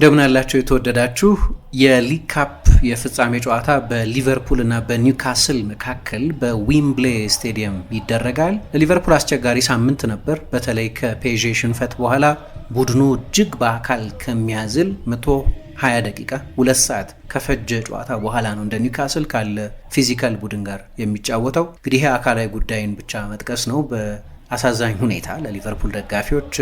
እንደምን አላቸው የተወደዳችሁ የሊግ ካፕ የፍጻሜ ጨዋታ በሊቨርፑል እና በኒውካስል መካከል በዊምብሌ ስቴዲየም ይደረጋል። ለሊቨርፑል አስቸጋሪ ሳምንት ነበር። በተለይ ከፔዤ ሽንፈት በኋላ ቡድኑ እጅግ በአካል ከሚያዝል መቶ 20 ደቂቃ ሁለት ሰዓት ከፈጀ ጨዋታ በኋላ ነው እንደ ኒውካስል ካለ ፊዚካል ቡድን ጋር የሚጫወተው። እንግዲህ የአካላዊ ጉዳይን ብቻ መጥቀስ ነው። አሳዛኝ ሁኔታ ለሊቨርፑል ደጋፊዎች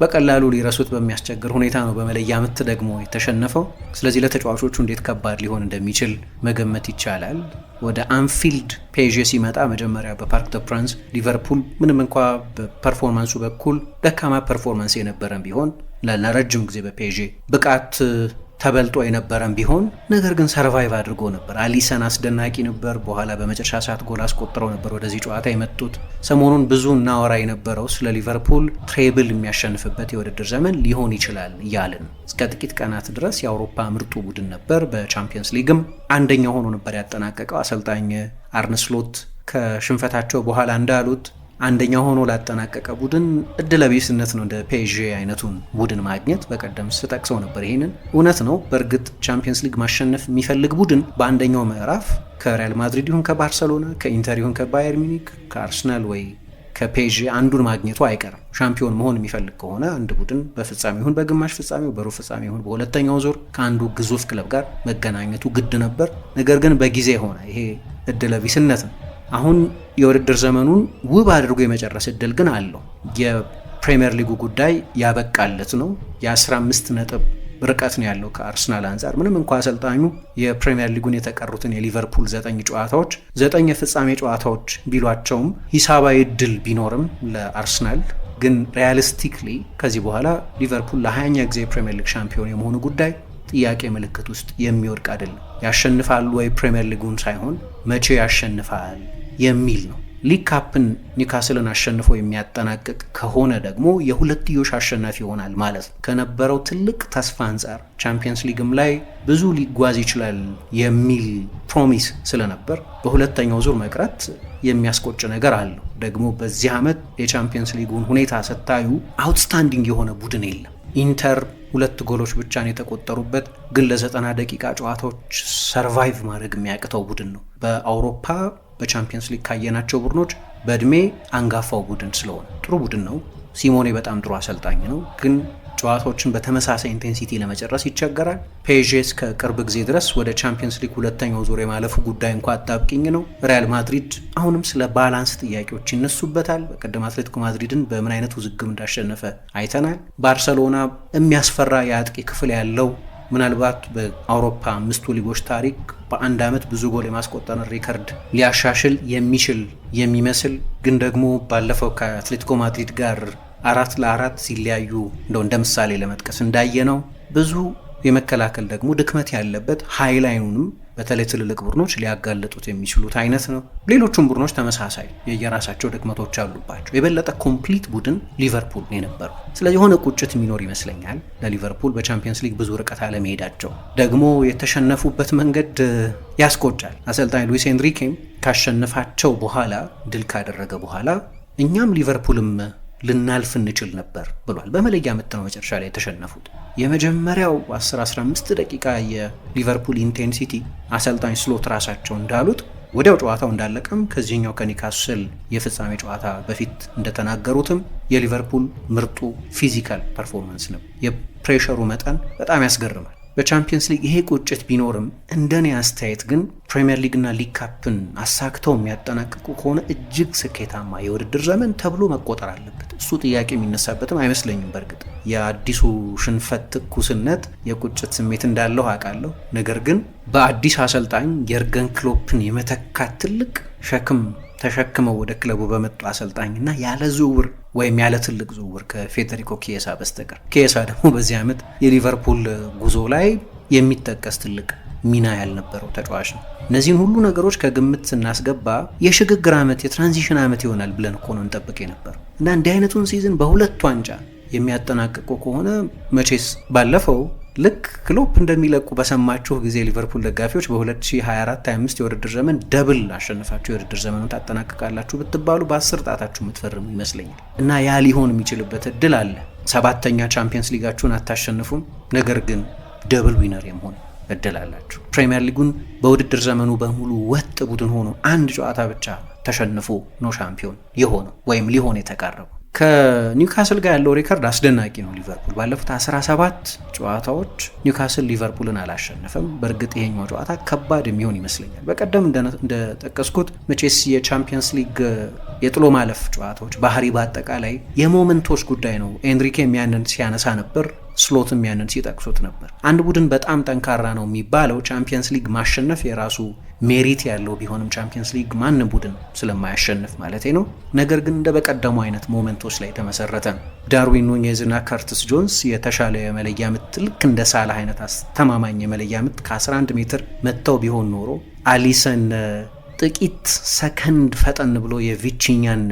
በቀላሉ ሊረሱት በሚያስቸግር ሁኔታ ነው በመለያ ምት ደግሞ የተሸነፈው። ስለዚህ ለተጫዋቾቹ እንዴት ከባድ ሊሆን እንደሚችል መገመት ይቻላል። ወደ አንፊልድ ፔዥ ሲመጣ መጀመሪያ በፓርክ ደ ፕራንስ ሊቨርፑል ምንም እንኳ በፐርፎርማንሱ በኩል ደካማ ፐርፎርማንስ የነበረን ቢሆን ለረጅም ጊዜ በፔዥ ብቃት ተበልጦ የነበረም ቢሆን ነገር ግን ሰርቫይቭ አድርጎ ነበር። አሊሰን አስደናቂ ነበር። በኋላ በመጨረሻ ሰዓት ጎል አስቆጥረው ነበር ወደዚህ ጨዋታ የመጡት። ሰሞኑን ብዙ እናወራ የነበረው ስለ ሊቨርፑል ትሬብል የሚያሸንፍበት የውድድር ዘመን ሊሆን ይችላል እያልን እስከ ጥቂት ቀናት ድረስ የአውሮፓ ምርጡ ቡድን ነበር። በቻምፒየንስ ሊግም አንደኛው ሆኖ ነበር ያጠናቀቀው። አሰልጣኝ አርነ ስሎት ከሽንፈታቸው በኋላ እንዳሉት አንደኛ ሆኖ ላጠናቀቀ ቡድን እድለቢስነት ነው። እንደ ፔዥ አይነቱን ቡድን ማግኘት በቀደም ስጠቅሰው ነበር። ይህንን እውነት ነው። በእርግጥ ቻምፒየንስ ሊግ ማሸነፍ የሚፈልግ ቡድን በአንደኛው ምዕራፍ ከሪያል ማድሪድ ይሁን ከባርሰሎና፣ ከኢንተር ይሁን ከባየር ሚኒክ፣ ከአርሰናል ወይ ከፔዥ አንዱን ማግኘቱ አይቀርም። ሻምፒዮን መሆን የሚፈልግ ከሆነ አንድ ቡድን በፍጻሜ ይሁን በግማሽ ፍጻሜው በሩብ ፍጻሜ ይሁን በሁለተኛው ዙር ከአንዱ ግዙፍ ክለብ ጋር መገናኘቱ ግድ ነበር። ነገር ግን በጊዜ ሆነ። ይሄ እድለቢስነት ነው። አሁን የውድድር ዘመኑን ውብ አድርጎ የመጨረስ እድል ግን አለው። የፕሪምየር ሊጉ ጉዳይ ያበቃለት ነው። የ15 ነጥብ ርቀት ነው ያለው ከአርሰናል አንጻር። ምንም እንኳ አሰልጣኙ የፕሪምየር ሊጉን የተቀሩትን የሊቨርፑል ዘጠኝ ጨዋታዎች ዘጠኝ የፍጻሜ ጨዋታዎች ቢሏቸውም ሂሳባዊ እድል ቢኖርም ለአርሰናል ግን ሪያሊስቲክሊ ከዚህ በኋላ ሊቨርፑል ለሀያኛ ጊዜ የፕሪምየር ሊግ ሻምፒዮን የመሆኑ ጉዳይ ጥያቄ ምልክት ውስጥ የሚወድቅ አይደለም። ያሸንፋል ወይ ፕሪምየር ሊጉን ሳይሆን መቼ ያሸንፋል የሚል ነው። ሊግ ካፕን ኒውካስልን አሸንፎ የሚያጠናቅቅ ከሆነ ደግሞ የሁለትዮሽ አሸናፊ ይሆናል ማለት ነው። ከነበረው ትልቅ ተስፋ አንጻር ቻምፒየንስ ሊግም ላይ ብዙ ሊጓዝ ይችላል የሚል ፕሮሚስ ስለነበር በሁለተኛው ዙር መቅረት የሚያስቆጭ ነገር አለው። ደግሞ በዚህ ዓመት የቻምፒየንስ ሊጉን ሁኔታ ስታዩ አውትስታንዲንግ የሆነ ቡድን የለም። ኢንተር ሁለት ጎሎች ብቻ ነው የተቆጠሩበት፣ ግን ለ90 ደቂቃ ጨዋታዎች ሰርቫይቭ ማድረግ የሚያቅተው ቡድን ነው። በአውሮፓ በቻምፒየንስ ሊግ ካየናቸው ቡድኖች በእድሜ አንጋፋው ቡድን ስለሆነ ጥሩ ቡድን ነው። ሲሞኔ በጣም ጥሩ አሰልጣኝ ነው፣ ግን ጨዋታዎችን በተመሳሳይ ኢንቴንሲቲ ለመጨረስ ይቸገራል። ፔዥ እስከ ቅርብ ጊዜ ድረስ ወደ ቻምፒየንስ ሊግ ሁለተኛው ዙር የማለፉ ጉዳይ እንኳ አጣብቂኝ ነው። ሪያል ማድሪድ አሁንም ስለ ባላንስ ጥያቄዎች ይነሱበታል። በቀደም አትሌቲኮ ማድሪድን በምን አይነት ውዝግብ እንዳሸነፈ አይተናል። ባርሰሎና የሚያስፈራ የአጥቂ ክፍል ያለው ምናልባት በአውሮፓ አምስቱ ሊጎች ታሪክ በአንድ ዓመት ብዙ ጎል የማስቆጠር ሪከርድ ሊያሻሽል የሚችል የሚመስል ግን ደግሞ ባለፈው ከአትሌቲኮ ማድሪድ ጋር አራት ለአራት ሲለያዩ እንደው እንደ ምሳሌ ለመጥቀስ እንዳየ ነው ብዙ የመከላከል ደግሞ ድክመት ያለበት ሀይላይኑንም በተለይ ትልልቅ ቡድኖች ሊያጋለጡት የሚችሉት አይነት ነው። ሌሎቹም ቡድኖች ተመሳሳይ የየራሳቸው ድክመቶች አሉባቸው። የበለጠ ኮምፕሊት ቡድን ሊቨርፑል ነው የነበረው። ስለዚህ የሆነ ቁጭት የሚኖር ይመስለኛል ለሊቨርፑል በቻምፒየንስ ሊግ ብዙ ርቀት አለመሄዳቸው። ደግሞ የተሸነፉበት መንገድ ያስቆጫል። አሰልጣኝ ሉዊስ ኤንሪኬም ካሸነፋቸው በኋላ ድል ካደረገ በኋላ እኛም ሊቨርፑልም ልናልፍ እንችል ነበር ብሏል። በመለያ ምት ነው መጨረሻ ላይ የተሸነፉት። የመጀመሪያው 115 ደቂቃ የሊቨርፑል ኢንቴንሲቲ አሰልጣኝ ስሎት ራሳቸው እንዳሉት ወዲያው ጨዋታው እንዳለቀም ከዚህኛው ከኒካስል የፍጻሜ ጨዋታ በፊት እንደተናገሩትም የሊቨርፑል ምርጡ ፊዚካል ፐርፎርማንስ ነው። የፕሬሸሩ መጠን በጣም ያስገርማል። በቻምፒየንስ ሊግ ይሄ ቁጭት ቢኖርም እንደኔ አስተያየት ግን ፕሪምየር ሊግና ሊግ ካፕን አሳክተው የሚያጠናቅቁ ከሆነ እጅግ ስኬታማ የውድድር ዘመን ተብሎ መቆጠር አለበት። እሱ ጥያቄ የሚነሳበትም አይመስለኝም። በእርግጥ የአዲሱ ሽንፈት ትኩስነት የቁጭት ስሜት እንዳለው አውቃለሁ። ነገር ግን በአዲስ አሰልጣኝ የርገን ክሎፕን የመተካት ትልቅ ሸክም ተሸክመው ወደ ክለቡ በመጡ አሰልጣኝና ያለ ዝውውር ወይም ያለ ትልቅ ዝውውር ከፌዴሪኮ ኪየሳ በስተቀር። ኪየሳ ደግሞ በዚህ ዓመት የሊቨርፑል ጉዞ ላይ የሚጠቀስ ትልቅ ሚና ያልነበረው ተጫዋች ነው። እነዚህን ሁሉ ነገሮች ከግምት ስናስገባ የሽግግር ዓመት የትራንዚሽን ዓመት ይሆናል ብለን እኮ ነው እንጠብቅ የነበረው እና እንዲህ አይነቱን ሲዝን በሁለቱ ዋንጫ የሚያጠናቅቁ ከሆነ መቼስ ባለፈው ልክ ክሎፕ እንደሚለቁ በሰማችሁ ጊዜ ሊቨርፑል ደጋፊዎች በ2024/25 የውድድር ዘመን ደብል አሸንፋችሁ የውድድር ዘመኑን ታጠናቅቃላችሁ ብትባሉ በአስር ጣታችሁ የምትፈርሙ ይመስለኛል እና ያ ሊሆን የሚችልበት እድል አለ። ሰባተኛ ቻምፒየንስ ሊጋችሁን አታሸንፉም፣ ነገር ግን ደብል ዊነር የመሆን እድል አላችሁ። ፕሪምየር ሊጉን በውድድር ዘመኑ በሙሉ ወጥ ቡድን ሆኖ አንድ ጨዋታ ብቻ ተሸንፎ ነው ሻምፒዮን የሆነው ወይም ሊሆን የተቃረበው። ከኒውካስል ጋር ያለው ሪከርድ አስደናቂ ነው። ሊቨርፑል ባለፉት 17 ጨዋታዎች ኒውካስል ሊቨርፑልን አላሸነፈም። በእርግጥ ይሄኛው ጨዋታ ከባድ የሚሆን ይመስለኛል። በቀደም እንደጠቀስኩት መቼስ የቻምፒየንስ ሊግ የጥሎ ማለፍ ጨዋታዎች ባህሪ በአጠቃላይ የሞመንቶች ጉዳይ ነው። ኤንሪኬም ያንን ሲያነሳ ነበር። ስሎትም ያንን ሲጠቅሱት ነበር። አንድ ቡድን በጣም ጠንካራ ነው የሚባለው ቻምፒየንስ ሊግ ማሸነፍ የራሱ ሜሪት ያለው ቢሆንም ቻምፒየንስ ሊግ ማን ቡድን ስለማያሸንፍ ማለት ነው። ነገር ግን እንደ በቀደሙ አይነት ሞመንቶች ላይ ተመሰረተ ነው። ዳርዊን ኑኔዝና ከርትስ ጆንስ የተሻለ የመለያ ምት ልክ እንደ ሳላህ አይነት አስተማማኝ የመለያ ምት ከ11 ሜትር መጥተው ቢሆን ኖሮ አሊሰን ጥቂት ሰከንድ ፈጠን ብሎ የቪቺኛን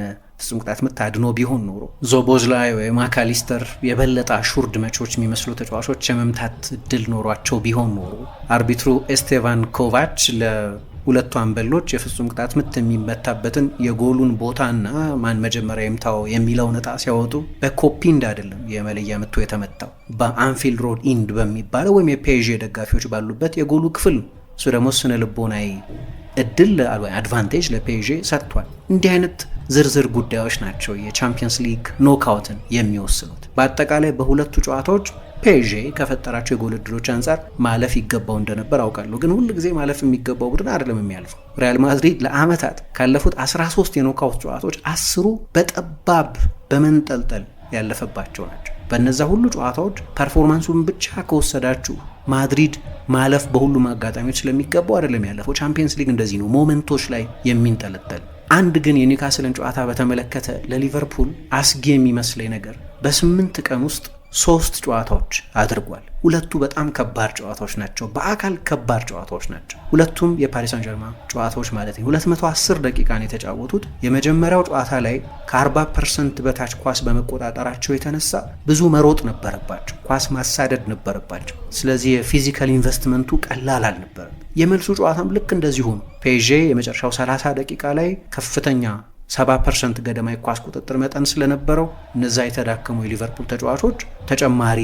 እሱ ቅጣት ምት አድኖ ቢሆን ኖሮ ዞቦዝ ላይ ወይም ማካሊስተር የበለጠ አሹርድ መቾች የሚመስሉ ተጫዋቾች የመምታት እድል ኖሯቸው ቢሆን ኖሮ አርቢትሩ ኤስቴቫን ኮቫች ለሁለቱ አንበሎች የፍጹም ቅጣት ምት የሚመታበትን የጎሉን ቦታና ማን መጀመሪያ ይምታው የሚለው ነጣ ሲያወጡ በኮፒንድ አይደለም የመለያ ምቱ የተመታው በአንፊልድ ሮድ ኢንድ በሚባለው ወይም የፔዥ ደጋፊዎች ባሉበት የጎሉ ክፍል ነው። እሱ ደግሞ ስነ ልቦናዊ እድል አድቫንቴጅ ለፔዥ ሰጥቷል። እንዲህ አይነት ዝርዝር ጉዳዮች ናቸው የቻምፒየንስ ሊግ ኖክአውትን የሚወስኑት። በአጠቃላይ በሁለቱ ጨዋታዎች ፔዥ ከፈጠራቸው የጎል እድሎች አንጻር ማለፍ ይገባው እንደነበር አውቃለሁ፣ ግን ሁል ጊዜ ማለፍ የሚገባው ቡድን አይደለም የሚያልፈው። ሪያል ማድሪድ ለአመታት ካለፉት 13 የኖክአውት ጨዋታዎች አስሩ በጠባብ በመንጠልጠል ያለፈባቸው ናቸው። በእነዛ ሁሉ ጨዋታዎች ፐርፎርማንሱን ብቻ ከወሰዳችሁ ማድሪድ ማለፍ በሁሉም አጋጣሚዎች ስለሚገባው አይደለም ያለፈው። ቻምፒየንስ ሊግ እንደዚህ ነው፣ ሞመንቶች ላይ የሚንጠለጠል። አንድ ግን የኒውካስልን ጨዋታ በተመለከተ ለሊቨርፑል አስጊ የሚመስለኝ ነገር በስምንት ቀን ውስጥ ሶስት ጨዋታዎች አድርጓል። ሁለቱ በጣም ከባድ ጨዋታዎች ናቸው፣ በአካል ከባድ ጨዋታዎች ናቸው። ሁለቱም የፓሪስ ሳን ጀርማ ጨዋታዎች ማለት ነው። 210 ደቂቃን የተጫወቱት የመጀመሪያው ጨዋታ ላይ ከ40 ፐርሰንት በታች ኳስ በመቆጣጠራቸው የተነሳ ብዙ መሮጥ ነበረባቸው፣ ኳስ ማሳደድ ነበረባቸው። ስለዚህ የፊዚካል ኢንቨስትመንቱ ቀላል አልነበረም። የመልሱ ጨዋታም ልክ እንደዚሁ ነው። ፔዤ የመጨረሻው 30 ደቂቃ ላይ ከፍተኛ ሰባ ፐርሰንት ገደማ የኳስ ቁጥጥር መጠን ስለነበረው እነዛ የተዳከሙ የሊቨርፑል ተጫዋቾች ተጨማሪ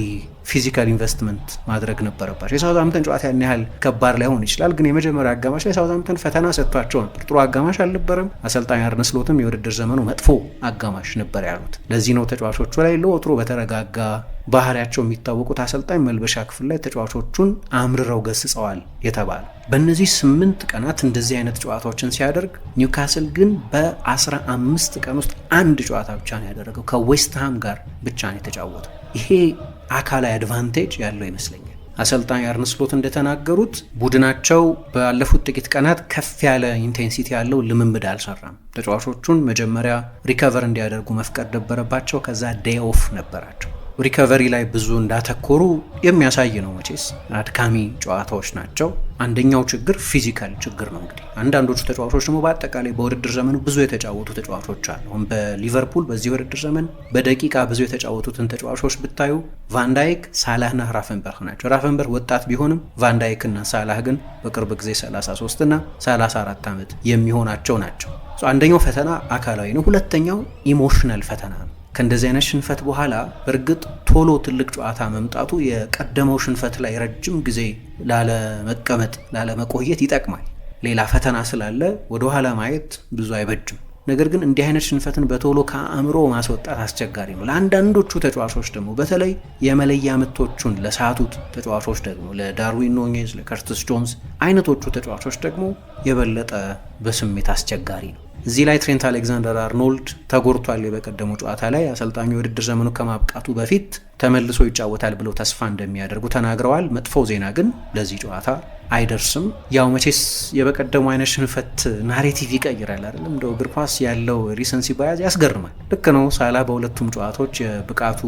ፊዚካል ኢንቨስትመንት ማድረግ ነበረባቸው። የሳውዛምተን ጨዋታ ያን ያህል ከባድ ላይሆን ይችላል፣ ግን የመጀመሪያ አጋማሽ ላይ ሳውዛምተን ፈተና ሰጥቷቸው ነበር። ጥሩ አጋማሽ አልነበረም። አሰልጣኝ አርነ ስሎትም የውድድር ዘመኑ መጥፎ አጋማሽ ነበር ያሉት። ለዚህ ነው ተጫዋቾቹ ላይ ለወትሮ በተረጋጋ ባህሪያቸው የሚታወቁት አሰልጣኝ መልበሻ ክፍል ላይ ተጫዋቾቹን አምርረው ገስጸዋል የተባለ። በእነዚህ ስምንት ቀናት እንደዚህ አይነት ጨዋታዎችን ሲያደርግ ኒውካስል ግን በ15 ቀን ውስጥ አንድ ጨዋታ ብቻ ነው ያደረገው። ከዌስትሃም ጋር ብቻ ነው የተጫወተው። ይሄ አካላዊ አድቫንቴጅ ያለው ይመስለኛል። አሰልጣኝ አርነ ስሎት እንደተናገሩት ቡድናቸው ባለፉት ጥቂት ቀናት ከፍ ያለ ኢንቴንሲቲ ያለው ልምምድ አልሰራም። ተጫዋቾቹን መጀመሪያ ሪከቨር እንዲያደርጉ መፍቀድ ነበረባቸው። ከዛ ዴይ ኦፍ ነበራቸው። ሪከቨሪ ላይ ብዙ እንዳተኮሩ የሚያሳይ ነው። መቼስ አድካሚ ጨዋታዎች ናቸው። አንደኛው ችግር ፊዚካል ችግር ነው። እንግዲህ አንዳንዶቹ ተጫዋቾች ደግሞ በአጠቃላይ በውድድር ዘመኑ ብዙ የተጫወቱ ተጫዋቾች አሉ። አሁን በሊቨርፑል በዚህ ውድድር ዘመን በደቂቃ ብዙ የተጫወቱትን ተጫዋቾች ብታዩ ቫንዳይክ፣ ሳላህና ራፈንበርህ ናቸው። ራፈንበርህ ወጣት ቢሆንም ቫንዳይክና ሳላህ ግን በቅርብ ጊዜ 33 እና 34 ዓመት የሚሆናቸው ናቸው። አንደኛው ፈተና አካላዊ ነው። ሁለተኛው ኢሞሽናል ፈተና ነው። ከእንደዚህ አይነት ሽንፈት በኋላ በእርግጥ ቶሎ ትልቅ ጨዋታ መምጣቱ የቀደመው ሽንፈት ላይ ረጅም ጊዜ ላለመቀመጥ፣ ላለመቆየት ይጠቅማል። ሌላ ፈተና ስላለ ወደኋላ ማየት ብዙ አይበጅም። ነገር ግን እንዲህ አይነት ሽንፈትን በቶሎ ከአእምሮ ማስወጣት አስቸጋሪ ነው። ለአንዳንዶቹ ተጫዋቾች ደግሞ በተለይ የመለያ ምቶቹን ለሳቱት ተጫዋቾች ደግሞ ለዳርዊን ኖኔዝ፣ ለከርትስ ጆንስ አይነቶቹ ተጫዋቾች ደግሞ የበለጠ በስሜት አስቸጋሪ ነው። እዚህ ላይ ትሬንት አሌክዛንደር አርኖልድ ተጎድቷል። በቀደሙ ጨዋታ ላይ አሰልጣኙ የውድድር ዘመኑ ከማብቃቱ በፊት ተመልሶ ይጫወታል ብለው ተስፋ እንደሚያደርጉ ተናግረዋል። መጥፎ ዜና ግን ለዚህ ጨዋታ አይደርስም። ያው መቼስ የበቀደሙ አይነት ሽንፈት ናሬቲቭ ይቀይራል አይደለም። እንደው እግር ኳስ ያለው ሪሰንሲ ባያዝ ያስገርማል። ልክ ነው። ሳላ በሁለቱም ጨዋታዎች የብቃቱ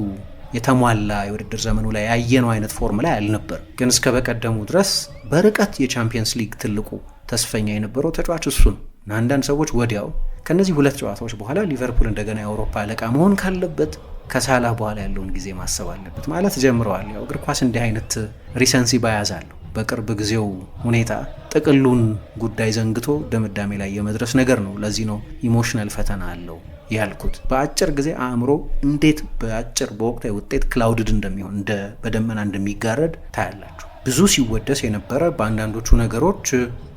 የተሟላ የውድድር ዘመኑ ላይ ያየነው አይነት ፎርም ላይ አልነበር። ግን እስከ በቀደሙ ድረስ በርቀት የቻምፒየንስ ሊግ ትልቁ ተስፈኛ የነበረው ተጫዋች እሱ ነው እና አንዳንድ ሰዎች ወዲያው ከእነዚህ ሁለት ጨዋታዎች በኋላ ሊቨርፑል እንደገና የአውሮፓ አለቃ መሆን ካለበት ከሳላ በኋላ ያለውን ጊዜ ማሰብ አለበት ማለት ጀምረዋል። ያው እግር ኳስ እንዲህ አይነት ሪሰንሲ ባያዝ አለው። በቅርብ ጊዜው ሁኔታ ጥቅሉን ጉዳይ ዘንግቶ ድምዳሜ ላይ የመድረስ ነገር ነው። ለዚህ ነው ኢሞሽናል ፈተና አለው ያልኩት። በአጭር ጊዜ አእምሮ እንዴት በአጭር በወቅታዊ ውጤት ክላውድድ እንደሚሆን እንደ በደመና እንደሚጋረድ ታያላችሁ። ብዙ ሲወደስ የነበረ በአንዳንዶቹ ነገሮች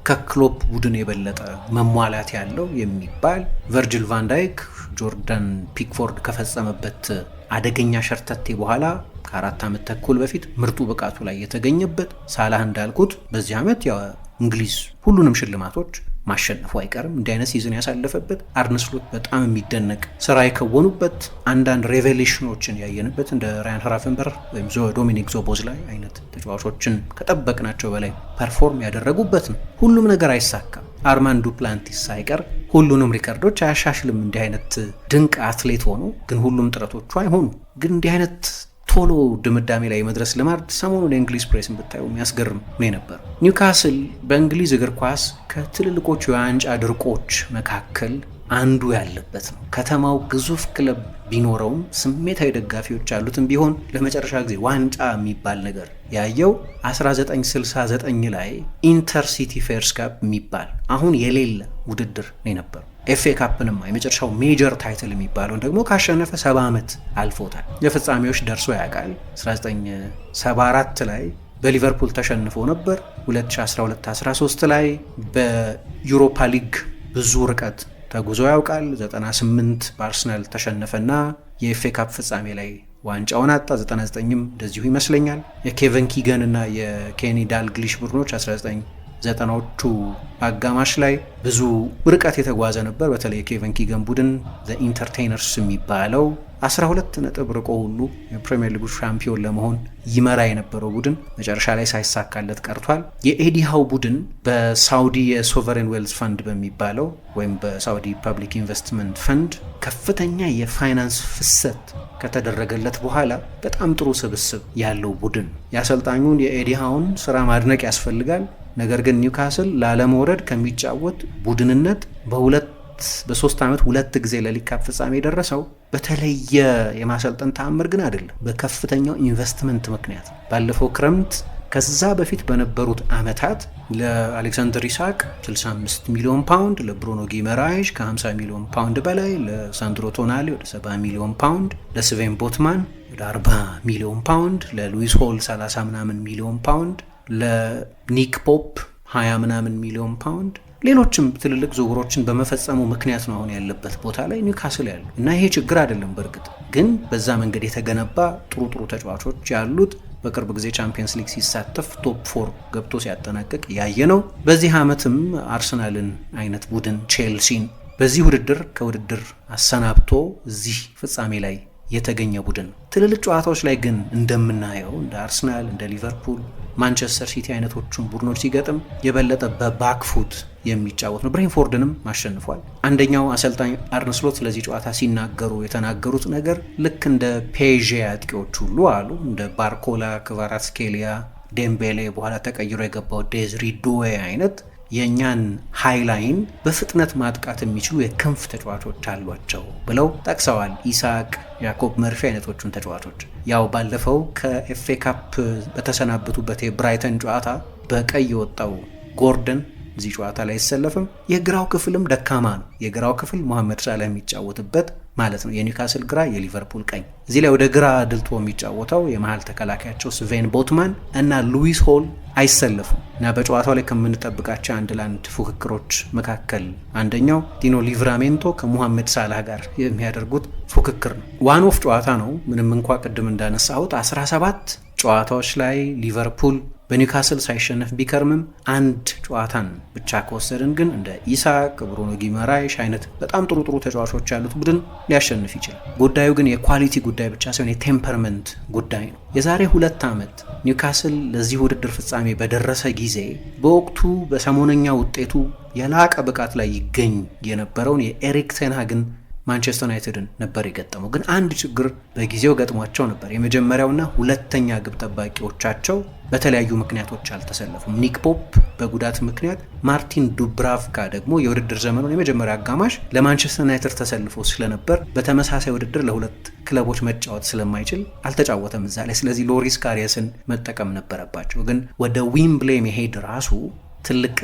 ከክሎፕ ቡድን የበለጠ መሟላት ያለው የሚባል ቨርጅል ቫንዳይክ ጆርዳን ፒክፎርድ ከፈጸመበት አደገኛ ሸርተቴ በኋላ ከአራት ዓመት ተኩል በፊት ምርጡ ብቃቱ ላይ የተገኘበት ሳላህ እንዳልኩት በዚህ ዓመት እንግሊዝ ሁሉንም ሽልማቶች ማሸነፉ አይቀርም። እንዲህ አይነት ሲዝን ያሳለፈበት አርንስሎት በጣም የሚደነቅ ስራ የከወኑበት አንዳንድ ሬቬሌሽኖችን ያየንበት እንደ ራያን ሀራፍንበር ወይም ዶሚኒክ ዞቦዝ ላይ አይነት ተጫዋቾችን ከጠበቅናቸው በላይ ፐርፎርም ያደረጉበት ነው። ሁሉም ነገር አይሳካም። አርማንዱ ፕላንቲስ ሳይቀር ሁሉንም ሪከርዶች አያሻሽልም። እንዲህ አይነት ድንቅ አትሌት ሆኖ ግን ሁሉም ጥረቶቹ አይሆኑ ግን እንዲህ አይነት ቶሎ ድምዳሜ ላይ መድረስ ልማድ ሰሞኑን የእንግሊዝ ፕሬስን ብታየው የሚያስገርም ነው ነበር። ኒውካስል በእንግሊዝ እግር ኳስ ከትልልቆቹ የዋንጫ ድርቆች መካከል አንዱ ያለበት ነው። ከተማው ግዙፍ ክለብ ቢኖረውም ስሜታዊ ደጋፊዎች ያሉትም ቢሆን ለመጨረሻ ጊዜ ዋንጫ የሚባል ነገር ያየው 1969 ላይ ኢንተርሲቲ ፌርስ ካፕ የሚባል አሁን የሌለ ውድድር ነው የነበረው። ኤፍኤ ካፕንማ የመጨረሻው ሜጀር ታይትል የሚባለውን ደግሞ ካሸነፈ ሰባ ዓመት አልፎታል። የፍጻሜዎች ደርሶ ያውቃል። 1974 ላይ በሊቨርፑል ተሸንፎ ነበር። 2012-13 ላይ በዩሮፓ ሊግ ብዙ ርቀት ተጉዞ ያውቃል። 98 በአርሰናል ተሸነፈና የኤፍኤ ካፕ ፍጻሜ ላይ ዋንጫውን አጣ። 99ም እንደዚሁ ይመስለኛል። የኬቨን ኪገን እና የኬኒ ዳልግሊሽ ቡድኖች 19 ዘጠናዎቹ አጋማሽ ላይ ብዙ ርቀት የተጓዘ ነበር። በተለይ የኬቨን ኪገን ቡድን ዘኢንተርቴይነርስ የሚባለው 12 ነጥብ ርቆ ሁሉ የፕሪምየር ሊጉ ሻምፒዮን ለመሆን ይመራ የነበረው ቡድን መጨረሻ ላይ ሳይሳካለት ቀርቷል። የኤዲሃው ቡድን በሳውዲ የሶቨሬን ዌልዝ ፈንድ በሚባለው ወይም በሳውዲ ፐብሊክ ኢንቨስትመንት ፈንድ ከፍተኛ የፋይናንስ ፍሰት ከተደረገለት በኋላ በጣም ጥሩ ስብስብ ያለው ቡድን ያሰልጣኙን የኤዲሃውን ስራ ማድነቅ ያስፈልጋል። ነገር ግን ኒውካስል ላለመውረድ ከሚጫወት ቡድንነት በሁለት በሶስት ዓመት ሁለት ጊዜ ለሊግ ካፕ ፍጻሜ የደረሰው በተለየ የማሰልጠን ተአምር ግን አይደለም። በከፍተኛው ኢንቨስትመንት ምክንያት ባለፈው ክረምት ከዛ በፊት በነበሩት ዓመታት ለአሌክሳንደር ኢሳክ 65 ሚሊዮን ፓውንድ፣ ለብሩኖ ጊመራይሽ ከ50 ሚሊዮን ፓውንድ በላይ፣ ለሳንድሮ ቶናሊ ወደ 70 ሚሊዮን ፓውንድ፣ ለስቬን ቦትማን ወደ 40 ሚሊዮን ፓውንድ፣ ለሉዊስ ሆል 30 ምናምን ሚሊዮን ፓውንድ ለኒክ ፖፕ 20 ምናምን ሚሊዮን ፓውንድ ሌሎችም ትልልቅ ዝውውሮችን በመፈጸሙ ምክንያት ነው አሁን ያለበት ቦታ ላይ ኒውካስል ያሉ እና ይሄ ችግር አይደለም። በእርግጥ ግን በዛ መንገድ የተገነባ ጥሩ ጥሩ ተጫዋቾች ያሉት በቅርብ ጊዜ ቻምፒየንስ ሊግ ሲሳተፍ ቶፕ ፎር ገብቶ ሲያጠናቅቅ ያየ ነው። በዚህ ዓመትም አርሰናልን አይነት ቡድን ቼልሲን በዚህ ውድድር ከውድድር አሰናብቶ እዚህ ፍጻሜ ላይ የተገኘ ቡድን ነው። ትልልቅ ጨዋታዎች ላይ ግን እንደምናየው እንደ አርሰናል፣ እንደ ሊቨርፑል፣ ማንቸስተር ሲቲ አይነቶቹን ቡድኖች ሲገጥም የበለጠ በባክፉት የሚጫወት ነው። ብሬንፎርድንም አሸንፏል። አንደኛው አሰልጣኝ አርነስሎት ስለዚህ ጨዋታ ሲናገሩ የተናገሩት ነገር ልክ እንደ ፔዤ አጥቂዎች ሁሉ አሉ እንደ ባርኮላ፣ ክቫራትስኬሊያ፣ ዴምቤሌ በኋላ ተቀይሮ የገባው ዴዝሪ ዱዌ አይነት የእኛን ሃይላይን በፍጥነት ማጥቃት የሚችሉ የክንፍ ተጫዋቾች አሏቸው ብለው ጠቅሰዋል። ኢሳቅ ያዕቆብ መርፌ አይነቶቹን ተጫዋቾች ያው ባለፈው ከኤፍኤ ካፕ በተሰናበቱበት የብራይተን ጨዋታ በቀይ የወጣው ጎርደን እዚህ ጨዋታ ላይ አይሰለፍም። የግራው ክፍልም ደካማ ነው። የግራው ክፍል መሐመድ ሳላህ የሚጫወትበት ማለት ነው። የኒውካስል ግራ፣ የሊቨርፑል ቀኝ። እዚህ ላይ ወደ ግራ ድልቶ የሚጫወተው የመሀል ተከላካያቸው ስቬን ቦትማን እና ሉዊስ ሆል አይሰለፉም እና በጨዋታው ላይ ከምንጠብቃቸው አንድ ለአንድ ፉክክሮች መካከል አንደኛው ዲኖ ሊቭራሜንቶ ከሙሐመድ ሳላህ ጋር የሚያደርጉት ፉክክር ነው። ዋን ኦፍ ጨዋታ ነው። ምንም እንኳ ቅድም እንዳነሳሁት 17 ጨዋታዎች ላይ ሊቨርፑል በኒውካስል ሳይሸነፍ ቢከርምም አንድ ጨዋታን ብቻ ከወሰድን ግን እንደ ኢሳቅ፣ ብሩኖ ጊመራይሽ አይነት በጣም ጥሩ ጥሩ ተጫዋቾች ያሉት ቡድን ሊያሸንፍ ይችላል። ጉዳዩ ግን የኳሊቲ ጉዳይ ብቻ ሳይሆን የቴምፐርመንት ጉዳይ ነው። የዛሬ ሁለት ዓመት ኒውካስል ለዚህ ውድድር ፍጻሜ በደረሰ ጊዜ በወቅቱ በሰሞነኛ ውጤቱ የላቀ ብቃት ላይ ይገኝ የነበረውን የኤሪክ ቴንሃግን ማንቸስተር ዩናይትድን ነበር የገጠመው። ግን አንድ ችግር በጊዜው ገጥሟቸው ነበር። የመጀመሪያውና ሁለተኛ ግብ ጠባቂዎቻቸው በተለያዩ ምክንያቶች አልተሰለፉም። ኒክ ፖፕ በጉዳት ምክንያት፣ ማርቲን ዱብራቭካ ደግሞ የውድድር ዘመኑን የመጀመሪያ አጋማሽ ለማንቸስተር ዩናይትድ ተሰልፎ ስለነበር በተመሳሳይ ውድድር ለሁለት ክለቦች መጫወት ስለማይችል አልተጫወተም እዛ ላይ። ስለዚህ ሎሪስ ካሪየስን መጠቀም ነበረባቸው። ግን ወደ ዊምብሌ መሄድ ራሱ ትልቅ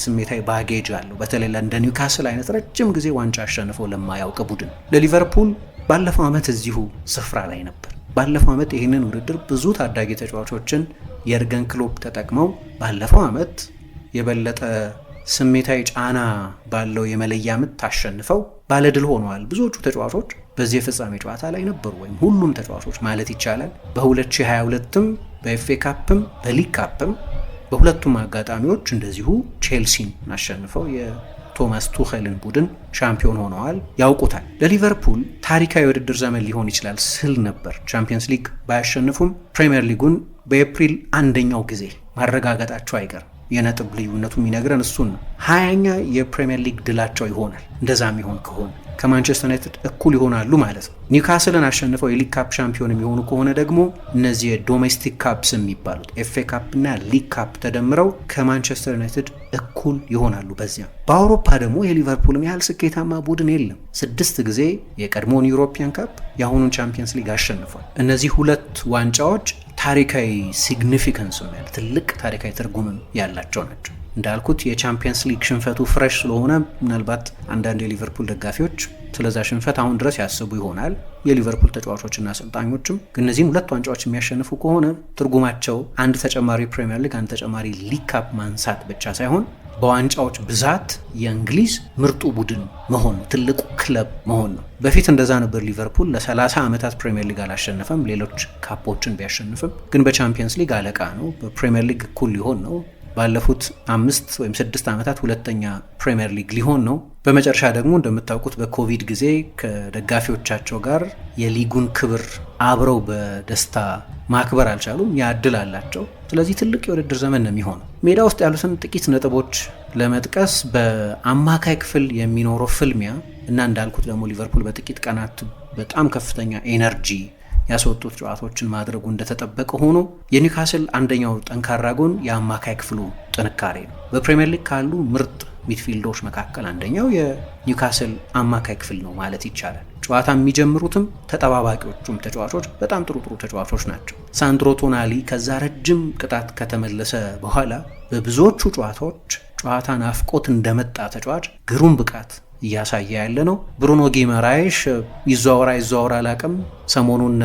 ስሜታዊ ባጌጅ አለው። በተለይ ለእንደ ኒውካስል አይነት ረጅም ጊዜ ዋንጫ አሸንፎ ለማያውቅ ቡድን ለሊቨርፑል ባለፈው ዓመት እዚሁ ስፍራ ላይ ነበር። ባለፈው ዓመት ይህንን ውድድር ብዙ ታዳጊ ተጫዋቾችን የእርገን ክሎፕ ተጠቅመው ባለፈው ዓመት የበለጠ ስሜታዊ ጫና ባለው የመለያ ምት አሸንፈው ባለድል ሆነዋል። ብዙዎቹ ተጫዋቾች በዚህ የፍጻሜ ጨዋታ ላይ ነበሩ፣ ወይም ሁሉም ተጫዋቾች ማለት ይቻላል። በ2022ም በኤፍኤ ካፕም በሊግ ካፕም በሁለቱም አጋጣሚዎች እንደዚሁ ቼልሲን አሸንፈው የቶማስ ቱኸልን ቡድን ሻምፒዮን ሆነዋል፣ ያውቁታል። ለሊቨርፑል ታሪካዊ የውድድር ዘመን ሊሆን ይችላል ስል ነበር ቻምፒየንስ ሊግ ባያሸንፉም ፕሪምየር ሊጉን በኤፕሪል አንደኛው ጊዜ ማረጋገጣቸው አይቀርም። የነጥብ ልዩነቱ የሚነግረን እሱን ነው። ሀያኛ የፕሪምየር ሊግ ድላቸው ይሆናል እንደዛም ይሆን ከሆነ ከማንቸስተር ዩናይትድ እኩል ይሆናሉ ማለት ነው። ኒውካስልን አሸንፈው የሊግ ካፕ ሻምፒዮን የሚሆኑ ከሆነ ደግሞ እነዚህ የዶሜስቲክ ካፕስ የሚባሉት ኤፍ ኤ ካፕ እና ሊግ ካፕ ተደምረው ከማንቸስተር ዩናይትድ እኩል ይሆናሉ። በዚያ በአውሮፓ ደግሞ የሊቨርፑልም ያህል ስኬታማ ቡድን የለም። ስድስት ጊዜ የቀድሞውን ዩሮፒያን ካፕ የአሁኑን ቻምፒየንስ ሊግ አሸንፏል። እነዚህ ሁለት ዋንጫዎች ታሪካዊ ሲግኒፊካንስ ያለ ትልቅ ታሪካዊ ትርጉምም ያላቸው ናቸው። እንዳልኩት የቻምፒየንስ ሊግ ሽንፈቱ ፍሬሽ ስለሆነ ምናልባት አንዳንድ የሊቨርፑል ደጋፊዎች ስለዛ ሽንፈት አሁን ድረስ ያስቡ ይሆናል። የሊቨርፑል ተጫዋቾችና አሰልጣኞችም እነዚህም ሁለት ዋንጫዎች የሚያሸንፉ ከሆነ ትርጉማቸው አንድ ተጨማሪ ፕሪምየር ሊግ፣ አንድ ተጨማሪ ሊግ ካፕ ማንሳት ብቻ ሳይሆን በዋንጫዎች ብዛት የእንግሊዝ ምርጡ ቡድን መሆን ነው፣ ትልቁ ክለብ መሆን ነው። በፊት እንደዛ ነበር። ሊቨርፑል ለ30 ዓመታት ፕሪምየር ሊግ አላሸነፈም። ሌሎች ካፖችን ቢያሸንፍም ግን በቻምፒየንስ ሊግ አለቃ ነው። በፕሪምየር ሊግ እኩል ሊሆን ነው። ባለፉት አምስት ወይም ስድስት ዓመታት ሁለተኛ ፕሪምየር ሊግ ሊሆን ነው። በመጨረሻ ደግሞ እንደምታውቁት በኮቪድ ጊዜ ከደጋፊዎቻቸው ጋር የሊጉን ክብር አብረው በደስታ ማክበር አልቻሉም። ያ እድል አላቸው። ስለዚህ ትልቅ የውድድር ዘመን ነው የሚሆነው። ሜዳ ውስጥ ያሉትን ጥቂት ነጥቦች ለመጥቀስ በአማካይ ክፍል የሚኖረው ፍልሚያ እና እንዳልኩት ደግሞ ሊቨርፑል በጥቂት ቀናት በጣም ከፍተኛ ኤነርጂ ያስወጡት ጨዋታዎችን ማድረጉ እንደተጠበቀ ሆኖ የኒውካስል አንደኛው ጠንካራ ጎን የአማካይ ክፍሉ ጥንካሬ ነው። በፕሪምየር ሊግ ካሉ ምርጥ ሚድፊልዶች መካከል አንደኛው የኒውካስል አማካይ ክፍል ነው ማለት ይቻላል። ጨዋታ የሚጀምሩትም ተጠባባቂዎቹም ተጫዋቾች በጣም ጥሩ ጥሩ ተጫዋቾች ናቸው። ሳንድሮ ቶናሊ ከዛ ረጅም ቅጣት ከተመለሰ በኋላ በብዙዎቹ ጨዋታዎች ጨዋታ ናፍቆት እንደመጣ ተጫዋች ግሩም ብቃት እያሳየ ያለ ነው። ብሩኖ ጊመራይሽ ይዘዋወራ ይዘዋወራ አላቅም። ሰሞኑን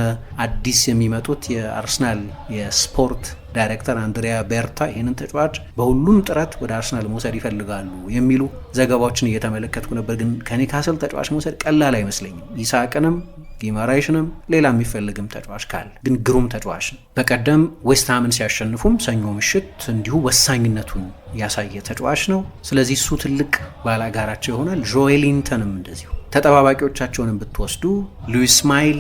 አዲስ የሚመጡት የአርሰናል የስፖርት ዳይሬክተር አንድሪያ ቤርታ ይህንን ተጫዋች በሁሉም ጥረት ወደ አርሰናል መውሰድ ይፈልጋሉ የሚሉ ዘገባዎችን እየተመለከትኩ ነበር። ግን ከኒካስል ተጫዋች መውሰድ ቀላል አይመስለኝም። ይስቅንም ጊመራይሽንም ሌላ የሚፈልግም ተጫዋች ካለ ግን ግሩም ተጫዋች ነው። በቀደም ዌስትሃምን ሲያሸንፉም ሰኞ ምሽት እንዲሁ ወሳኝነቱን ያሳየ ተጫዋች ነው። ስለዚህ እሱ ትልቅ ባላጋራቸው ይሆናል። ጆኤሊንተንም እንደዚሁ ተጠባባቂዎቻቸውንም ብትወስዱ ሉዊስ ስማይሊ፣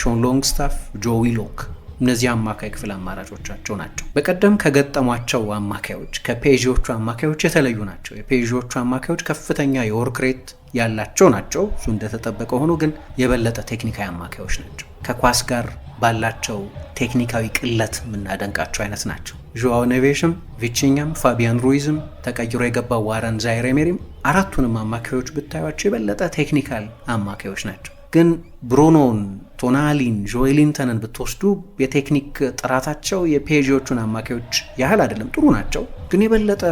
ሾን ሎንግስታፍ፣ ጆዊ ሎክ እነዚህ አማካይ ክፍል አማራጮቻቸው ናቸው። በቀደም ከገጠሟቸው አማካዮች ከፔዥዎቹ አማካዮች የተለዩ ናቸው። የፔዥዎቹ አማካዮች ከፍተኛ የወርክሬት ያላቸው ናቸው። እሱ እንደተጠበቀ ሆኖ ግን የበለጠ ቴክኒካዊ አማካዮች ናቸው። ከኳስ ጋር ባላቸው ቴክኒካዊ ቅለት የምናደንቃቸው አይነት ናቸው። ዥዋው ኔቬሽም፣ ቪቺኛም፣ ፋቢያን ሩይዝም ተቀይሮ የገባ ዋረን ዛይሬሜሪም አራቱንም አማካዮች ብታዩቸው የበለጠ ቴክኒካል አማካዮች ናቸው። ግን ብሩኖን፣ ቶናሊን፣ ጆዌሊንተንን ብትወስዱ የቴክኒክ ጥራታቸው የፔዥዎቹን አማካዮች ያህል አይደለም። ጥሩ ናቸው፣ ግን የበለጠ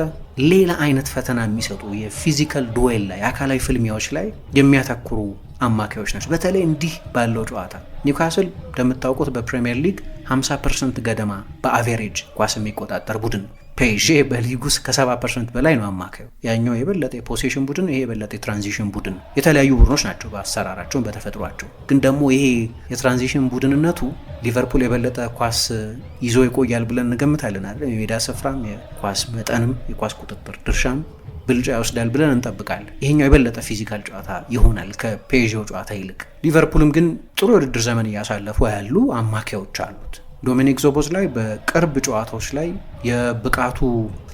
ሌላ አይነት ፈተና የሚሰጡ የፊዚካል ዱዌል ላይ አካላዊ ፍልሚያዎች ላይ የሚያተኩሩ አማካዮች ናቸው። በተለይ እንዲህ ባለው ጨዋታ ኒውካስል እንደምታውቁት በፕሪምየር ሊግ 50 ፐርሰንት ገደማ በአቬሬጅ ኳስ የሚቆጣጠር ቡድን ነው። ፔዤ በሊጉ ከሰባ ፐርሰንት በላይ ነው አማካዩ። ያኛው የበለጠ የፖሴሽን ቡድን፣ ይሄ የበለጠ የትራንዚሽን ቡድን። የተለያዩ ቡድኖች ናቸው በአሰራራቸውን በተፈጥሯቸው። ግን ደግሞ ይሄ የትራንዚሽን ቡድንነቱ ሊቨርፑል የበለጠ ኳስ ይዞ ይቆያል ብለን እንገምታለን አለ የሜዳ ስፍራም የኳስ መጠንም የኳስ ቁጥጥር ድርሻም ብልጫ ይወስዳል ብለን እንጠብቃለን። ይሄኛው የበለጠ ፊዚካል ጨዋታ ይሆናል ከፔዥው ጨዋታ ይልቅ። ሊቨርፑልም ግን ጥሩ የውድድር ዘመን እያሳለፉ ያሉ አማካዮች አሉት። ዶሚኒክ ዞቦዝ ላይ በቅርብ ጨዋታዎች ላይ የብቃቱ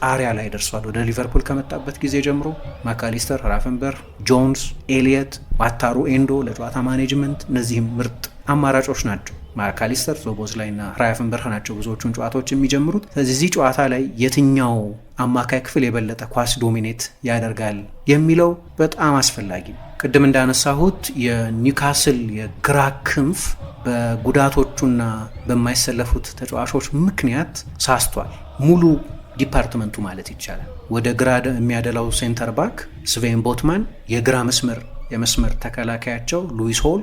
ጣሪያ ላይ ደርሷል። ወደ ሊቨርፑል ከመጣበት ጊዜ ጀምሮ ማካሊስተር፣ ራፈንበር፣ ጆንስ፣ ኤሊየት፣ ዋታሩ ኤንዶ ለጨዋታ ማኔጅመንት እነዚህም ምርጥ አማራጮች ናቸው። ማካሊስተር ዞቦዝ ላይ ና በርህ ናቸው ብዙዎቹን ጨዋታዎች የሚጀምሩት። እዚህ ጨዋታ ላይ የትኛው አማካይ ክፍል የበለጠ ኳስ ዶሚኔት ያደርጋል የሚለው በጣም አስፈላጊ ነው። ቅድም እንዳነሳሁት የኒውካስል የግራ ክንፍ በጉዳቶቹና በማይሰለፉት ተጫዋቾች ምክንያት ሳስቷል። ሙሉ ዲፓርትመንቱ ማለት ይቻላል ወደ ግራ የሚያደላው ሴንተር ባክ ስቬን ቦትማን፣ የግራ መስመር የመስመር ተከላካያቸው ሉዊስ ሆል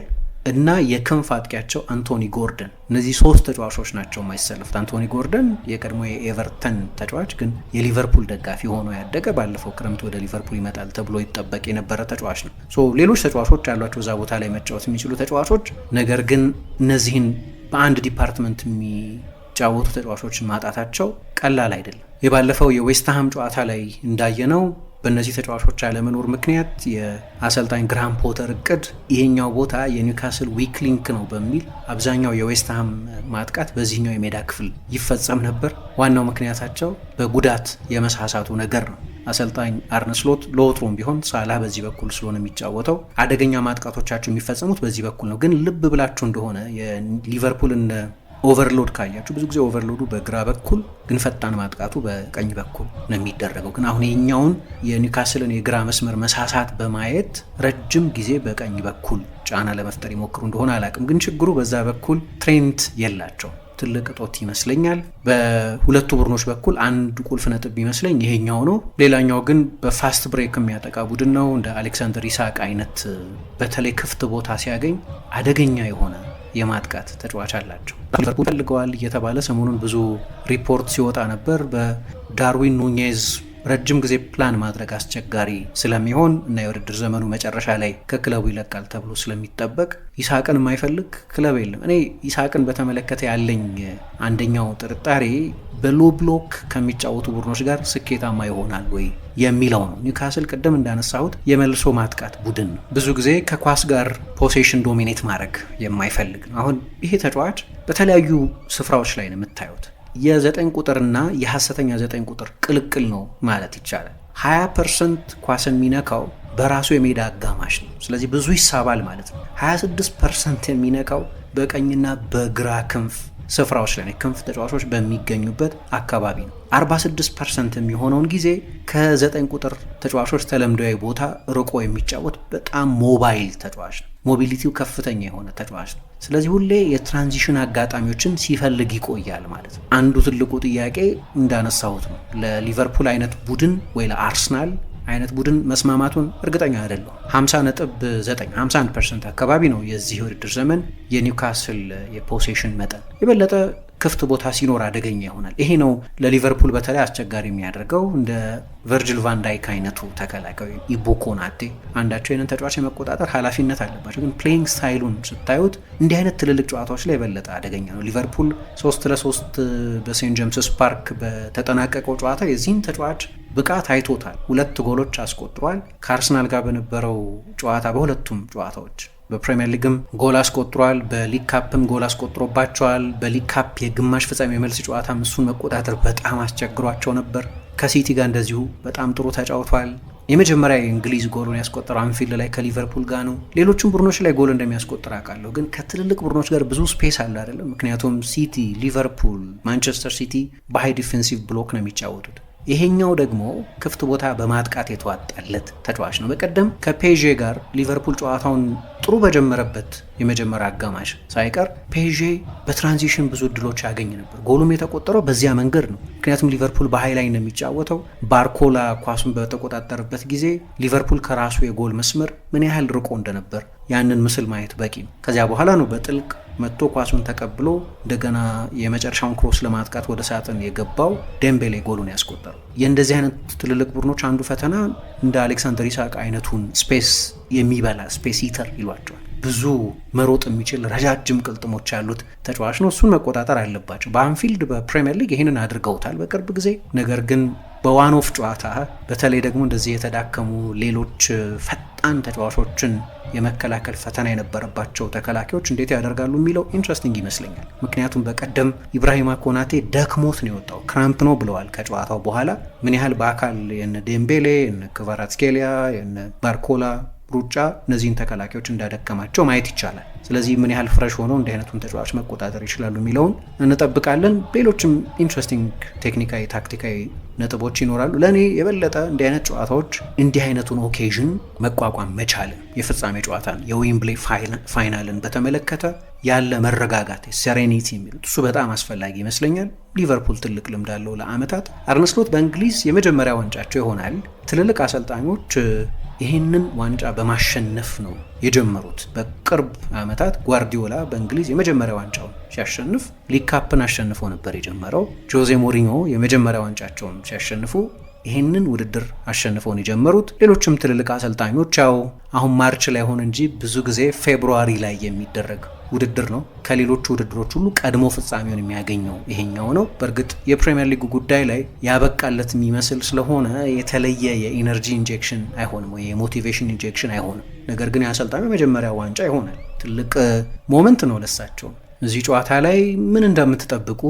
እና የክንፍ አጥቂያቸው አንቶኒ ጎርደን እነዚህ ሶስት ተጫዋቾች ናቸው የማይሰለፉት። አንቶኒ ጎርደን የቀድሞ የኤቨርተን ተጫዋች ግን የሊቨርፑል ደጋፊ ሆኖ ያደገ ባለፈው ክረምት ወደ ሊቨርፑል ይመጣል ተብሎ ይጠበቅ የነበረ ተጫዋች ነው። ሶ ሌሎች ተጫዋቾች ያሏቸው እዛ ቦታ ላይ መጫወት የሚችሉ ተጫዋቾች፣ ነገር ግን እነዚህን በአንድ ዲፓርትመንት የሚጫወቱ ተጫዋቾችን ማጣታቸው ቀላል አይደለም። የባለፈው የዌስትሃም ጨዋታ ላይ እንዳየነው በእነዚህ ተጫዋቾች አለመኖር ምክንያት የአሰልጣኝ ግራም ፖተር እቅድ ይሄኛው ቦታ የኒውካስል ዊክ ሊንክ ነው በሚል አብዛኛው የዌስትሃም ማጥቃት በዚህኛው የሜዳ ክፍል ይፈጸም ነበር። ዋናው ምክንያታቸው በጉዳት የመሳሳቱ ነገር ነው። አሰልጣኝ አርነስሎት ለወትሮም ቢሆን ሳላ በዚህ በኩል ስለሆነ የሚጫወተው አደገኛ ማጥቃቶቻቸው የሚፈጸሙት በዚህ በኩል ነው። ግን ልብ ብላችሁ እንደሆነ የሊቨርፑል ኦቨርሎድ ካያችሁ ብዙ ጊዜ ኦቨርሎዱ በግራ በኩል ግን ፈጣን ማጥቃቱ በቀኝ በኩል ነው የሚደረገው። ግን አሁን የኛውን የኒውካስልን የግራ መስመር መሳሳት በማየት ረጅም ጊዜ በቀኝ በኩል ጫና ለመፍጠር ይሞክሩ እንደሆነ አላቅም። ግን ችግሩ በዛ በኩል ትሬንት የላቸው ትልቅ እጦት ይመስለኛል። በሁለቱ ቡድኖች በኩል አንድ ቁልፍ ነጥብ የሚመስለኝ ይሄኛው ነው። ሌላኛው ግን በፋስት ብሬክ የሚያጠቃ ቡድን ነው። እንደ አሌክሳንደር ኢሳቅ አይነት በተለይ ክፍት ቦታ ሲያገኝ አደገኛ የሆነ የማጥቃት ተጫዋች አላቸው። ሊቨርፑል ፈልገዋል እየተባለ ሰሞኑን ብዙ ሪፖርት ሲወጣ ነበር። በዳርዊን ኑኔዝ ረጅም ጊዜ ፕላን ማድረግ አስቸጋሪ ስለሚሆን እና የውድድር ዘመኑ መጨረሻ ላይ ከክለቡ ይለቃል ተብሎ ስለሚጠበቅ ይስሐቅን የማይፈልግ ክለብ የለም። እኔ ይስሐቅን በተመለከተ ያለኝ አንደኛው ጥርጣሬ በሎ ብሎክ ከሚጫወቱ ቡድኖች ጋር ስኬታማ ይሆናል ወይ የሚለው ነው። ኒውካስል ቅድም እንዳነሳሁት የመልሶ ማጥቃት ቡድን ነው። ብዙ ጊዜ ከኳስ ጋር ፖሴሽን ዶሚኔት ማድረግ የማይፈልግ ነው። አሁን ይሄ ተጫዋች በተለያዩ ስፍራዎች ላይ ነው የምታዩት የዘጠኝ ቁጥርና የሐሰተኛ ዘጠኝ ቁጥር ቅልቅል ነው ማለት ይቻላል። 20 ፐርሰንት ኳስ የሚነካው በራሱ የሜዳ አጋማሽ ነው። ስለዚህ ብዙ ይሳባል ማለት ነው። 26 ፐርሰንት የሚነካው በቀኝና በግራ ክንፍ ስፍራዎች ላይ ክንፍ ተጫዋቾች በሚገኙበት አካባቢ ነው። 46 ፐርሰንት የሚሆነውን ጊዜ ከዘጠኝ ቁጥር ተጫዋቾች ተለምዳዊ ቦታ ርቆ የሚጫወት በጣም ሞባይል ተጫዋች ነው። ሞቢሊቲው ከፍተኛ የሆነ ተጫዋች ነው። ስለዚህ ሁሌ የትራንዚሽን አጋጣሚዎችን ሲፈልግ ይቆያል ማለት ነው። አንዱ ትልቁ ጥያቄ እንዳነሳሁት ነው። ለሊቨርፑል አይነት ቡድን ወይ ለአርስናል አይነት ቡድን መስማማቱን እርግጠኛ አይደለሁም። 50 ነጥብ 9 51 ፐርሰንት አካባቢ ነው የዚህ የውድድር ዘመን የኒውካስል የፖሴሽን መጠን የበለጠ ክፍት ቦታ ሲኖር አደገኛ ይሆናል። ይሄ ነው ለሊቨርፑል በተለይ አስቸጋሪ የሚያደርገው። እንደ ቨርጅል ቫንዳይክ አይነቱ ተከላካይ ኢቦኮናቴ አንዳቸው ይህንን ተጫዋች የመቆጣጠር ኃላፊነት አለባቸው። ግን ፕሌይንግ ስታይሉን ስታዩት እንዲህ አይነት ትልልቅ ጨዋታዎች ላይ የበለጠ አደገኛ ነው። ሊቨርፑል ሶስት ለሶስት በሴንት ጀምስስ ፓርክ በተጠናቀቀው ጨዋታ የዚህን ተጫዋች ብቃት አይቶታል። ሁለት ጎሎች አስቆጥሯል። ከአርሰናል ጋር በነበረው ጨዋታ በሁለቱም ጨዋታዎች በፕሪምየር ሊግም ጎል አስቆጥሯል። በሊግ ካፕም ጎል አስቆጥሮባቸዋል። በሊግ ካፕ የግማሽ ፍጻሜ የመልስ ጨዋታም እሱን መቆጣጠር በጣም አስቸግሯቸው ነበር። ከሲቲ ጋር እንደዚሁ በጣም ጥሩ ተጫውቷል። የመጀመሪያ የእንግሊዝ ጎሉን ያስቆጠረው አንፊልድ ላይ ከሊቨርፑል ጋር ነው። ሌሎችም ቡድኖች ላይ ጎል እንደሚያስቆጥር አውቃለሁ፣ ግን ከትልልቅ ቡድኖች ጋር ብዙ ስፔስ አለ አይደለም። ምክንያቱም ሲቲ፣ ሊቨርፑል፣ ማንቸስተር ሲቲ በሃይ ዲፌንሲቭ ብሎክ ነው የሚጫወቱት። ይሄኛው ደግሞ ክፍት ቦታ በማጥቃት የተዋጣለት ተጫዋች ነው። በቀደም ከፔዤ ጋር ሊቨርፑል ጨዋታውን ጥሩ በጀመረበት የመጀመሪያ አጋማሽ ሳይቀር ፔዤ በትራንዚሽን ብዙ እድሎች ያገኝ ነበር። ጎሉም የተቆጠረው በዚያ መንገድ ነው። ምክንያቱም ሊቨርፑል በሀይ ላይ ነው የሚጫወተው። ባርኮላ ኳሱን በተቆጣጠረበት ጊዜ ሊቨርፑል ከራሱ የጎል መስመር ምን ያህል ርቆ እንደነበር ያንን ምስል ማየት በቂ ነው። ከዚያ በኋላ ነው በጥልቅ መጥቶ ኳሱን ተቀብሎ እንደገና የመጨረሻውን ክሮስ ለማጥቃት ወደ ሳጥን የገባው ደምቤሌ ጎሉን ያስቆጠረው። የእንደዚህ አይነት ትልልቅ ቡድኖች አንዱ ፈተና እንደ አሌክሳንደር ኢሳቅ አይነቱን ስፔስ የሚበላ ስፔሲተር ይሏቸዋል። ብዙ መሮጥ የሚችል ረጃጅም ቅልጥሞች ያሉት ተጫዋች ነው። እሱን መቆጣጠር አለባቸው። በአንፊልድ በፕሪምየር ሊግ ይህንን አድርገውታል በቅርብ ጊዜ። ነገር ግን በዋን ኦፍ ጨዋታ በተለይ ደግሞ እንደዚህ የተዳከሙ ሌሎች ፈጣን ተጫዋቾችን የመከላከል ፈተና የነበረባቸው ተከላካዮች እንዴት ያደርጋሉ የሚለው ኢንትረስቲንግ ይመስለኛል። ምክንያቱም በቀደም ኢብራሂማ ኮናቴ ደክሞት ነው የወጣው፣ ክራምፕ ነው ብለዋል ከጨዋታው በኋላ ምን ያህል በአካል የነ ዴምቤሌ የነ ክቫራትስኬሊያ የነ ባርኮላ ሩጫ እነዚህን ተከላካዮች እንዳደከማቸው ማየት ይቻላል። ስለዚህ ምን ያህል ፍረሽ ሆነው እንዲህ አይነቱን ተጫዋች መቆጣጠር ይችላሉ የሚለውን እንጠብቃለን። ሌሎችም ኢንትረስቲንግ ቴክኒካዊ፣ ታክቲካዊ ነጥቦች ይኖራሉ። ለእኔ የበለጠ እንዲህ አይነት ጨዋታዎች እንዲህ አይነቱን ኦኬዥን መቋቋም መቻልን የፍጻሜ ጨዋታን የዌምብሌ ፋይናልን በተመለከተ ያለ መረጋጋት ሴሬኒቲ የሚሉት እሱ በጣም አስፈላጊ ይመስለኛል። ሊቨርፑል ትልቅ ልምድ አለው ለአመታት። አርነ ስሎት በእንግሊዝ የመጀመሪያ ዋንጫቸው ይሆናል። ትልልቅ አሰልጣኞች ይህንን ዋንጫ በማሸነፍ ነው የጀመሩት። በቅርብ ዓመታት ጓርዲዮላ በእንግሊዝ የመጀመሪያ ዋንጫውን ሲያሸንፍ ሊካፕን አሸንፎ ነበር የጀመረው። ጆዜ ሞሪኞ የመጀመሪያ ዋንጫቸውን ሲያሸንፉ ይህንን ውድድር አሸንፈውን የጀመሩት። ሌሎችም ትልልቅ አሰልጣኞች ያው አሁን ማርች ላይ ሆን እንጂ ብዙ ጊዜ ፌብሩዋሪ ላይ የሚደረግ ውድድር ነው። ከሌሎቹ ውድድሮች ሁሉ ቀድሞ ፍጻሜውን የሚያገኘው ይሄኛው ነው። በእርግጥ የፕሪምየር ሊግ ጉዳይ ላይ ያበቃለት የሚመስል ስለሆነ የተለየ የኢነርጂ ኢንጀክሽን አይሆንም ወይ የሞቲቬሽን ኢንጀክሽን አይሆንም። ነገር ግን የአሰልጣኙ የመጀመሪያ ዋንጫ ይሆናል። ትልቅ ሞመንት ነው ለሳቸው። እዚህ ጨዋታ ላይ ምን እንደምትጠብቁ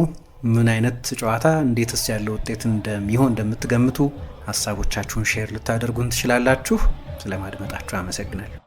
ምን አይነት ጨዋታ እንዴትስ ያለ ውጤት እንደሚሆን እንደምትገምቱ ሀሳቦቻችሁን ሼር ልታደርጉን ትችላላችሁ። ስለማድመጣችሁ አመሰግናለሁ።